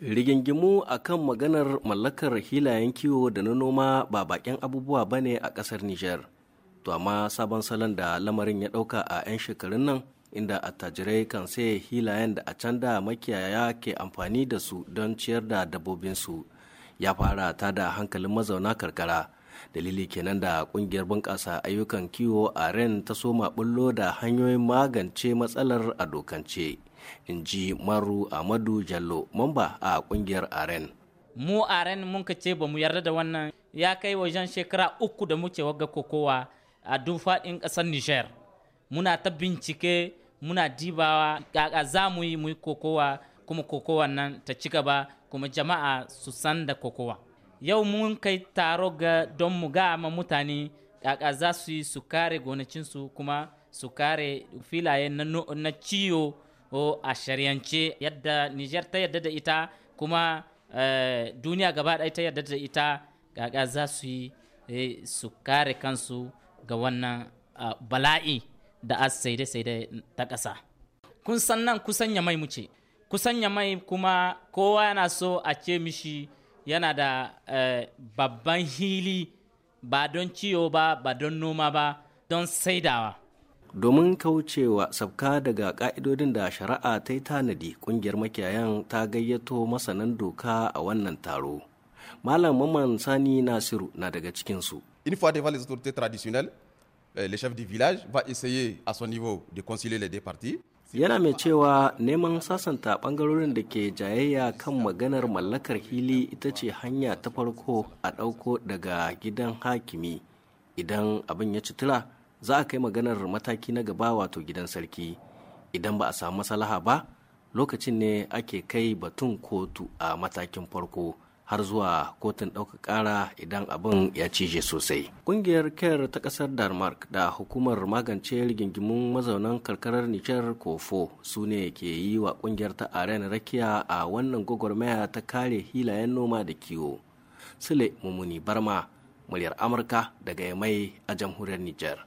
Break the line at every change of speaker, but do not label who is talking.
rigingimu a kan maganar mallakar hilayen kiwo da na noma ba bakin abubuwa ba ne a ƙasar Nijar. to amma sabon salon da lamarin ya ɗauka a 'yan shekarun nan inda attajirai kan saye hilayen da a can da makiyaya ke amfani da su don ciyar da dabbobinsu ya fara ta da hankalin mazauna karkara dalili kenan da kungiyar bunƙasa ayyukan kiwo a ren ta soma bullo da hanyoyin magance matsalar a dokance in ji maru amadu jallo mamba a kungiyar
aren mu aren mun ka ce ba mu yarda da wannan ya kai wajen shekara uku da muke waga kokowa a duk ƙasar niger muna ta bincike muna dibawa kaka za mu yi mu kokowa kuma kokowa nan ta ci gaba kuma jama'a su san da kokowa yau mun kai taro ga don mu ga ma mutane kaka za su yi su kare gonacinsu kuma su kare filaye na ciwo a shari'ance yadda Nijar ta yadda da ita kuma eh, duniya gaba ɗaya ta yadda da ita kaka za su yi eh, su kare kansu ga wannan bala'i da a saide-saide ta ƙasa. Kun san nan kusan ya mai muce, kusan ya mai kuma kowa yana so a ce mishi yana da eh, babban hili ba don ciwo ba ba don noma ba don saidawa
domin kaucewa sabka daga ka'idodin da shari'a ta yi tanadi kungiyar makiyayan ta gayyato masanan doka a wannan taro malam maman sani nasiru na daga cikinsu une fois devant les autorités traditionnelles eh, le chef du village va essayer à son niveau de concilier les deux parties yana mai cewa neman sasanta bangarorin da ke jayayya kan maganar mallakar hili ita ce hanya ta farko a ɗauko daga gidan hakimi idan abin ya citila za a kai maganar mataki na gaba wato gidan sarki idan ba a samu masalaha ba lokacin ne ake kai batun kotu a matakin farko har zuwa kotun ɗauka ƙara idan abin ya cije sosai. Ƙungiyar Care ta ƙasar Denmark da hukumar magance rigingimun mazaunan karkarar Nijar Kofo su ne ke yi wa ƙungiyar ta Aren Rakiya a wannan gwagwarmaya ta kare hilayen noma da kiwo. Sule Mumuni Barma, muryar Amurka daga Yamai a jamhuriyar Nijar.